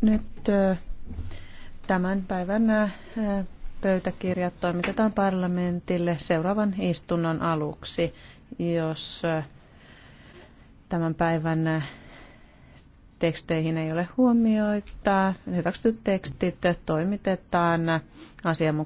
Nyt tämän päivän pöytäkirjat toimitetaan parlamentille seuraavan istunnon aluksi, jos tämän päivän teksteihin ei ole huomioita. Hyväksytyt tekstit toimitetaan asianmukaisesti.